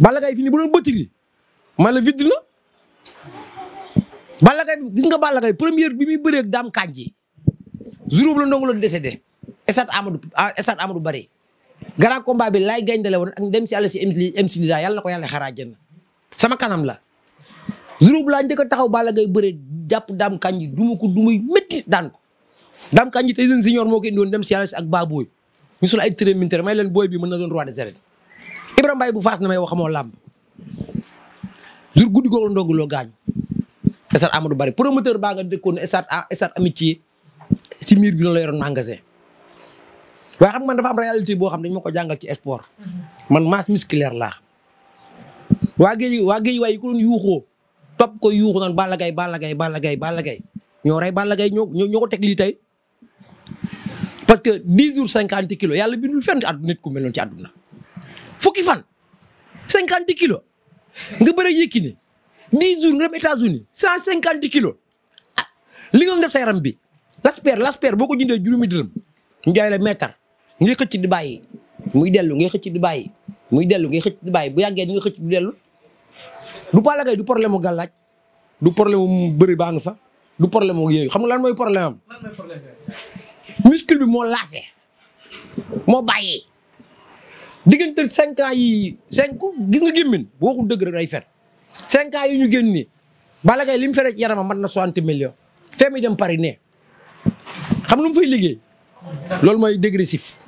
bala Gaye fi ni bu doon bëtiri man la vidde na Balla Gaye nga Balla Gaye première bi muy bëree ak daam kanji juróom la ndongo la décédé estat Amadou estat ah, Amadou Bari grand combat bi laay gañ woon ak dem si àll si MC Lida yàlla na ko yàlla xaraajal na sama kanam la juróom laa njëkk a bëree jàpp daam kanji duma ko du muy métti daan ko daam kanji tey seen senior moo ko indiwoon dem si àll si ak Baboy ñu sol ay tëré militaire may leen booy bi mën na doon roi Ibrahima Mbaye bu faas na may wax xamoo làmb jour guddi googu la ndongo loo gaañu stade Amadou Barry promoteur baa nga dëkkoon stade stade amitié si miir bi la la yoroon magasin waaye xam nga dafa am réalité boo xam ne dañ ma ko jàngal ci sport man masse musculaire laa xam waa géej waaye yi ko doon yuuxoo topp ko yuuxu naan Balla Gaye Balla Gaye Balla Gaye Balla Gaye ñoo rey Balla Gaye ñoo ko teg parce que dix jours cinquante kilo yàlla bindul fenn àdduna nit ku mel ci àdduna fukki fan cinquante kilos nga bëre Yékini dix jours nga dem États-Unis cent cinquante kilo ah li nga def bi lasper lasper boo ko jëndee juróomi dërëm ñu jaay la meetar ngay xëcc di bàyyi muy dellu ngay xëcc di bàyyi muy dellu ngay xëcc di bàyyi bu yàggee di nga xëcc di dellu du Balla Gaye du problème mu gàllaaj du problème mu bëri baa nga fa du problème mu yooyu xam nga lan mooy problème am. muscle bi moo laase moo bàyyi. diggante cinq ans yi cinq gis nga gémmin bu waxul dëgg rek day fen cinq ans ñu génn nii Balla li mu feree ci yaramam na soixante millions fee muy dem Paris ne xam lu mu fay liggéey loolu mooy dégressif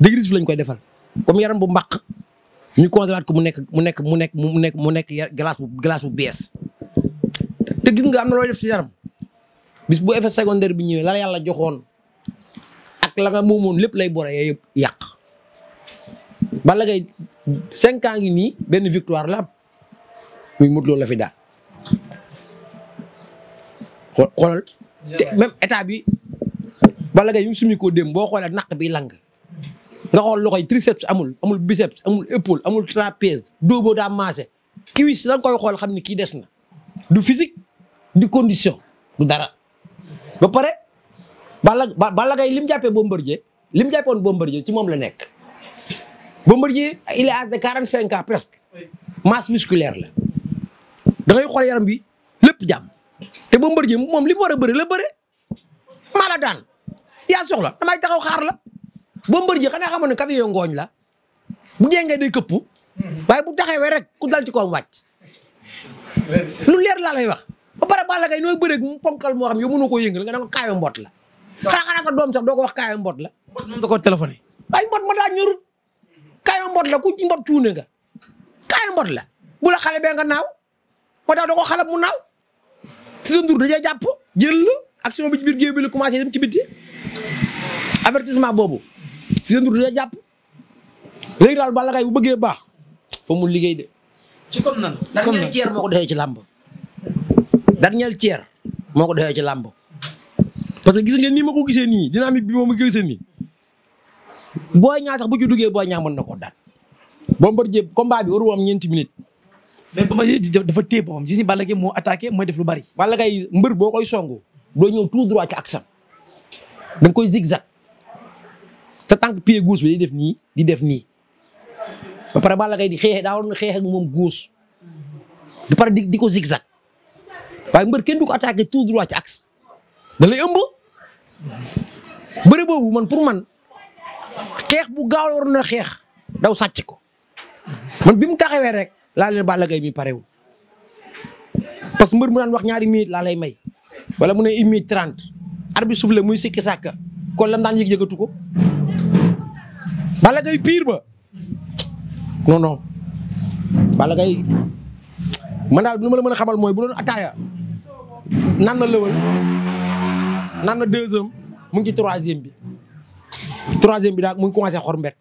dégressif lañ koy defal comme yaram bu mbaq ñu conservé ko mu nekk mu nekk mu nekk mu nekk mu nekk glace bu glace bu bees te gis nga am na looy def yaram bis bu effet secondaire bi ñëwee la yàlla joxoon ak la nga moomoon lépp lay bore yëpp yàq bala Gaye cinq ans ngi nii benn victoire la am muy Modou Lo la fi daan xoolal te même état bi Balla Gaye yi mu sumi dem boo xoolee naq bi lang nga xool loxo yi triceps amul amul biceps amul épaule amul trapèze dóobo daa maase kiwis la nga koy xool xam ni kii des na du physique du condition du dara ba pare Balla Balla Gaye li mu jàppee Bombardier li mu jàppoon Bombardier ci moom la nekk Bombardier il est âgé de quarante cinq presque masse musculaire la da ngay xool yaram bi lépp jàmm te ji mu moom li mu war a bëri la bëre maa la daan yaa soxla damay taxaw xaar la Bombardier xanaa xamoon ne kafe ngooñ la bu jengee day këpp waaye bu taxawee rek ku dal ci koom wàcc lu leer laa lay wax ba pare Balla Gaye nooy mu ponkal moo xam yow mënoo koo yëngal nga ne ko mbot la xanaa xanaa sa doom sax doo ko wax kaayu mbot la. mbot moom da koo téléphoné. ay mbot ma daa ñorut. kaayu mbot la ku ci mbot cuune nga kaayu mbot la bu la xale nga naaw moo tax da ko xalab mu naaw Youssou Ndour dajee jàpp jël la action bi ci biir géew bi la commencé dem ci bitti avertissement boobu Youssou Ndour jàpp léegi daal Balla bu bëggee baax fa mu liggéey de. ci comme nan comme nan ceer moo ko defee ci làmb dernier ceer moo ko defee ci làmb parce que gis ngeen ma ko gisee nii dynamique bi moom ma gisee booy ñaa sax bu ci duggee booy ñaa mën na koo daan Bombardier combat bi waru am ñeenti minutes. mais Bombardier dafa téye boppam gis ni Balla Gaye moo attaqué mooy def lu bari. Balla Gaye mbër boo koy songu doo ñëw tout droit ci axe am da koy zigzag sa tànk pied bi def nii di def nii ba pare di xeex daa waroon xeex ak moom gauche ba pare di ko zigzag waaye mbër kenn du ko attaqué tout droit ci axe da lay boobu man pour man. xeex bu gaaw la waroon a xeex daw sàcc ko man bi mu taxawee rek laa leen Balla Gaye mi parewul parce que mbër mu naan wax ñaari minutes laa lay may wala mu ne une minute trente arbitre souffle muy sikki sàkka kon lam daan yëg yëgatu ko ba non non Balla Gaye man daal lu ma la mën a xamal mooy bu doon ataaya naan na lëwal naan na deuxième mu ngi ci troisième bi troisième bi daal mu commencé xor mbet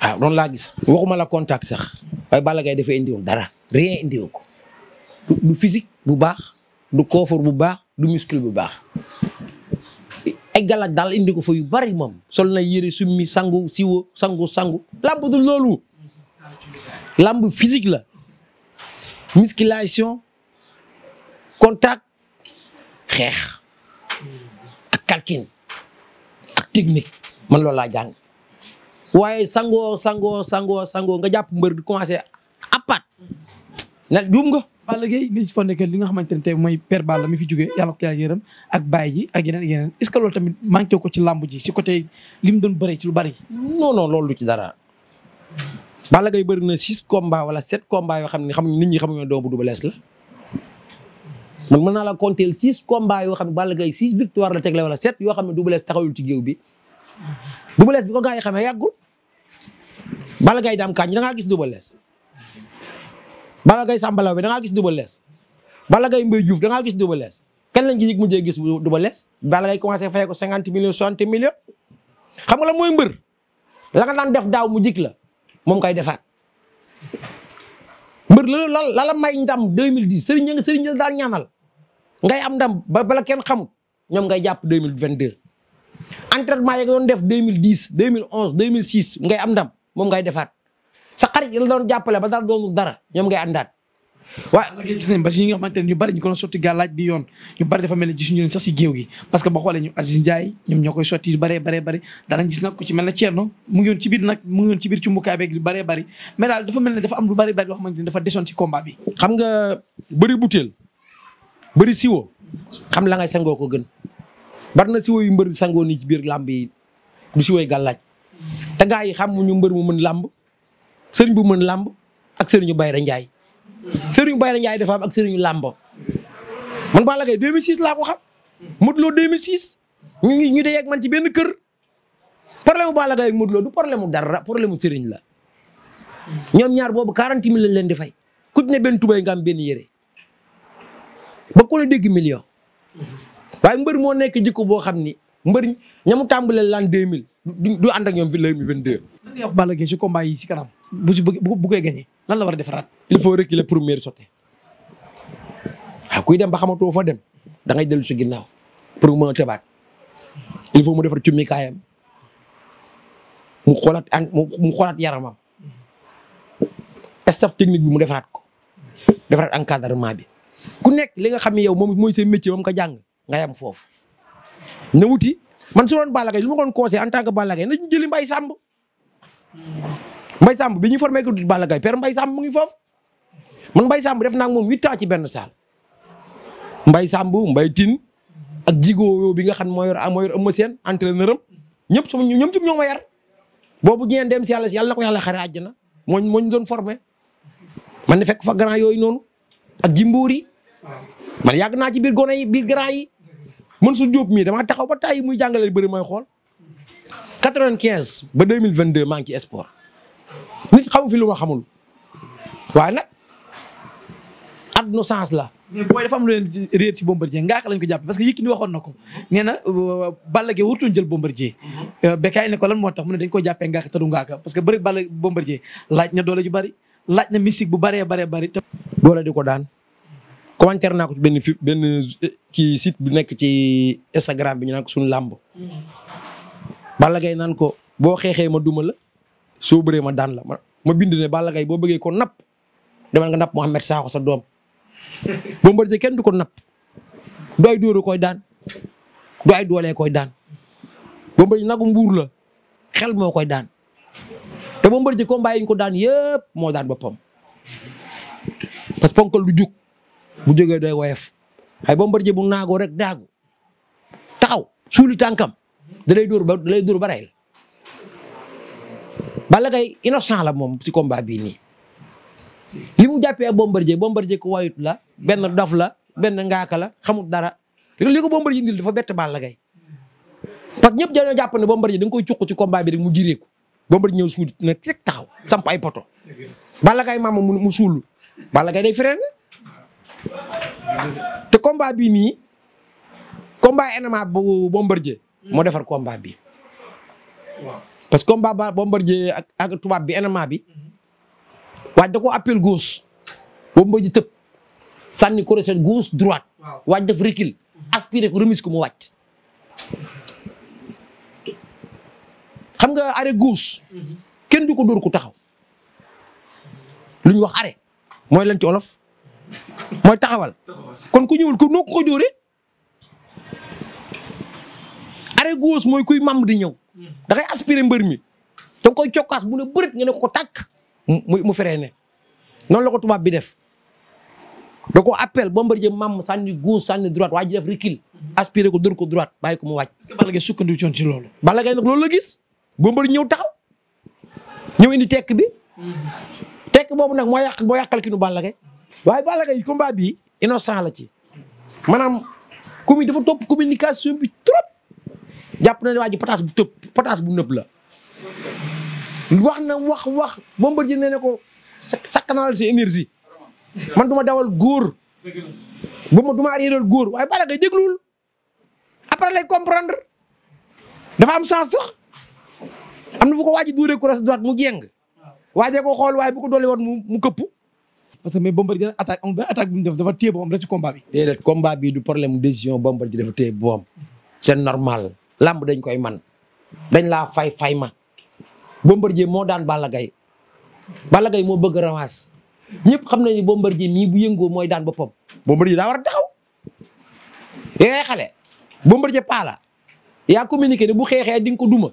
waaw ah, loolu laa gis waxuma la contact sax waaye Balla Gaye dafa indiwul dara rien indiwu du physique bu baax du koofur bu baax du muscle bu baax ay galak daal indi ko yu bari moom sol na yére summi sangu siwo sangu sangu lamb du loolu lamb physique la musculation contact xeex ak calcul ak technique man loolu laa jàng waaye sangoo sangoo sangoo sangoo nga jàpp mbër di commencé appaat na juum nga. Balla Gaye nga ci fonde que li nga xamante ne tey mooy père Balla mi fi jógee yàlla ko yàlla yërëm ak baay ji ak yeneen yeneen est ce que tamit manqué ko ci làmb ji si côté li mu doon bëree ci lu bari. non non loolu ci dara. Balla Gaye bëri na six combats wala sept combats yoo xam ne xam nit ñi xamuñu ne doomu Double Less la man mën naa la compter six combats yoo xam ne Balla Gaye six victoire la tegle wala sept yoo xam ne Double Less taxawul ci géew Double Less bi ko gaa yi xamee bala Balla Gaye daam kañ da ngaa gis Double Less Balla Gaye sàmbalaw bi da gis Double Less bala Gaye Mbaye Diouf da ngaa gis Double Less kan lañ gis mujjee gis Double Less Balla Gaye commencé fay ko cinquante millions soixante millions xam nga la mooy mbër la nga daan def daaw mu jik la moom kay defaat mbër loolu la la la may ndam 2010 sëriñ nga sëriñ la daan ñaanal ngay am dam ba bala kenn xamul ñoom ngay jàpp 2022 entraînement ya nga doon def 2010 2011 2006 ngay am ndam moom ngay defaat sa xarit yi la doon jàppale ba dara doonul dara ñoom ngay àndaat. waaw gis nañ parce que ñi nga xamante ne ñu sax si géew gi parce que ba xoolee ñu Aziz Ndiaye ñoom ñoo koy sotti baree baree bari daanañ gis nag ku ci mel ne mu ngi woon ci nag mu ngi woon ci biir ci mbukaay beeg lu baree daal dafa mel ne dafa am lu bari bari dafa desoon ci combat xam nga bëri butéel bëri siwo xam la bari na si woyu mbër bi sangoo nii ci biir làmb yi du si woy gàllaaj te gaa yi xamuñu mbër mu mën làmb sëriñ bu mën làmb ak sëriñu Bayra Ndiaye sëriñu Bayra Ndiaye dafa am ak sëriñu làmb man Balla Gaye 2006 laa ko xam mu Lo 2006 ñu ngi ñu dee ak man ci benn kër problème mu Balla Gaye ak Modou Lo du problème mu dara problème mu sëriñ la ñoom ñaar boobu 40 mille lañ leen di fay ku ci ne benn tubay nga am benn yére ba ku ne dégg million waaye mbër moo nekk jikko boo xam ni mbër ñamu tàmbaleel l'an 2000 du ànd ak ñoom fi 2022. lan ngay wax Balla Gaye kanam bu ci bëgg bu koy lan la war a defaraat. il faut reculer première sauté waaw ah, kuy dem ba xamatoo fa dem da ngay si ginnaaw pour mu mën mu defar cummi kaayam mu xoolaat mu xoolaat yaramam staff bi mu defaraat ko defaraat encadrement bi ku nekk li nga xam yow moom mooy seen métier moom ko jàng. nga yam foofu. na wuti man su doon Balla Gaye lu ma doon conseillé en tant que Balla Gaye na jëli Mbaye Samb. Mbaye Samb bi ñu formé ko Balla Gaye mbay Mbaye Samb mu ngi foofu man Mbaye Samb def naa ak moom huit ans ci benn salle. mbay Samb Mbaye Tine ak Jigo bi nga xam moo yor moo yor Eumeu Sène entraîneur ñëpp sama ñoom ñëpp yar boobu ñeen dem si yàlla si yàlla na ko yàlla xare àjjana mooñ moo doon formé man ne fekk fa grand yooyu noonu ak jimboor yi man yàgg naa ci biir gone yi biir grand yi mën su Diop mii damaa taxaw ba tàyyi muy jàngale bëri may xool. 95 ba 2022 maa ngi ci sport nit xamu fi lu ma xamul waaye nag noo sens la. mais booy dafa am lu leen réer ci Bombardier ngaaka lañ ko jàpp parce que Yékini waxoon na ko nee na euh, Balla jël Bombardier euh, Bécaye ne ko lan moo tax mu ne dañ ko jàppee ngaaka ta du ngaaka parce que bëri Balla Bombardier laaj na doole ju bari laaj na mystique bu baree baree bari. doole di ko daan. commentaire naa ko benn fi benn ci site bi nekk ci Instagram bi ñu naan ko suñu làmb. Balla Gaye naan ko boo xeexee ma duma la soo bëree ma daan la ma ma bind ne Balla Gaye boo bëggee ko napp demal nga napp Mouhamed Sakho sa doom. Bombardier kenn du ko napp du ay dóoru koy daan du ay doolee koy daan Bombardier nagu mbuur la xel moo koy daan te Bombardier combat yi ñu ko daan yëpp moo daan boppam parce que ponkal bu jógee day woyof ay Bombardier bu naagoo rek daagu taxaw suuli tànkam da lay dóor ba da dóor ba rey la Balla Gaye innocent la moom si combat bii nii yi mu jàppee Bombardier Bombardier ku wayut la benn dof la benn ngaaka la xamul dara li ko Bombardier indil dafa bett Balla Gaye parce que ñëpp dañoo jàpp ne Bombardier da nga koy cuq ci combat bi rek mu jireeku Bombardier ñëw suul na rek taxaw samp ay poto Balla Gaye mu suulu Balla Gaye day te combat bi nii combat MMA bu Bombardier mm. moo defar combat bi. waaw parce que combat ba Bombardier ak ak tubaab bi MMA bi. Mm-hmm. waaj da ko appel gauche. Bombardier tëb sànni crochet gauche droite. waaj def recul. Mm-hmm. aspiré ko remise ko mu wàcc. xam nga arrêt gauche. Mm-hmm. kenn du ko dóor ku taxaw. lu wax arrêt mooy lan olof. mooy taxawal kon ko ñëwul ko ko jóoree arrêt gauche mooy kuy mam di ñëw da ngay aspirer mbër mi da nga koy cokkaas bu ne bërit nga ne ko ko tàkk mu mu feree ne la tubaab bi def da ko boom Bombardier mam sànni gauche sànni droite waa ji def recul aspirer ko dër ko droite bàyyi ko mu wàcc. est-ce que Balla ci loolu. Balla Gaye nag loolu la gis Bombardier ñëw taxaw ñëw indi tekk bi. Mm-hmm. tekk boobu nag moo yàq moo yàqal ki waaye Balla Gaye combat bi innocent la ci maanaam commune dafa topp communication bi trop jàpp na ne waa pataas bu tëb pataas bu nëb la. wax na wax wax Bombardier nee na ko sakkanal si énergie man duma ma dawal góor ba ma du ma réeral góor waaye Balla Gaye dégluwul après lay comprendre dafa am sens sax am na fu ko waaj a duuree ku ras doot mu jéng waajee xool waaye bu ko dolli mu mu këpp. parce que mais Bombardier attaque amul benn dafa téye boppam rek ci combat bi. déedéet dañ koy man dañ laa fay fay ma Bombardier moo daan Balla Gaye Balla moo bëgg revanche ñëpp xam nañu ne Bombardier mii bu yëngoo mooy daan boppam Bombardier daa war a taxaw yooyu xale Bombardier paa yaa communiqué ne bu xeexee di ko duma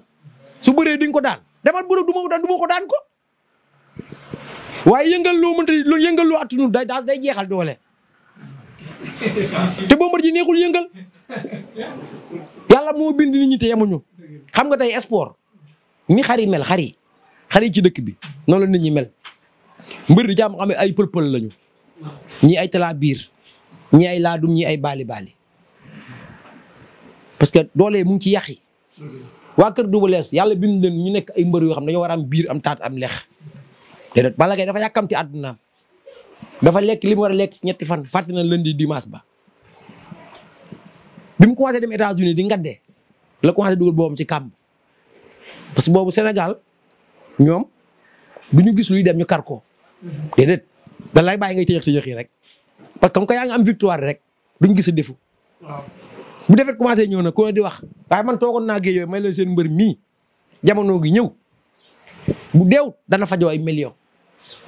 su bëree di ko daan demal bëre duma duma ko daan ko. waaye yëngal loo mënta lu yëngal loo attunu day daal day jeexal doole te Bombardier neexul yëngal yàlla moo bind nit ñi te yemuñu xam nga tey sport ni xar mel xar xar ci dëkk bi noonu la nit ñi mel mbër di jaam xam ne ay pël-pël lañu ñi ay talaa biir ñii ay laadum ñii ay baali baali parce que doole mu ngi ci yàq yi waa kër Double Less yàlla bind leen ñu nekk ay mbër yoo xam ne dañoo waraa am biir am taat am lex déedéet Balla Gaye dafa yàkkamti àdduna dafa lekk li mu war a lekk ñetti fan fàtte na lundi dimanche ba bi mu commencé dem États-Unis di nga ngandee la commencé dugal boobam ci kàmb parce que boobu senegal ñoom bu ñu gis luy dem ñu kar ko déedéet da lay bàyyi ngay tëjëx tëjëx rek parce que comme que yaa ngi am victoire rek duñ gis a defu bu defet commencé ñëw na ku ne di wax waaye man toogoon naa géej yooyu may leen seen mbër mii jamono gi ñëw bu deewut dana fajoo ay millions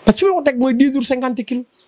parce que fi ma ko teg mooy dix jours cinquante kilos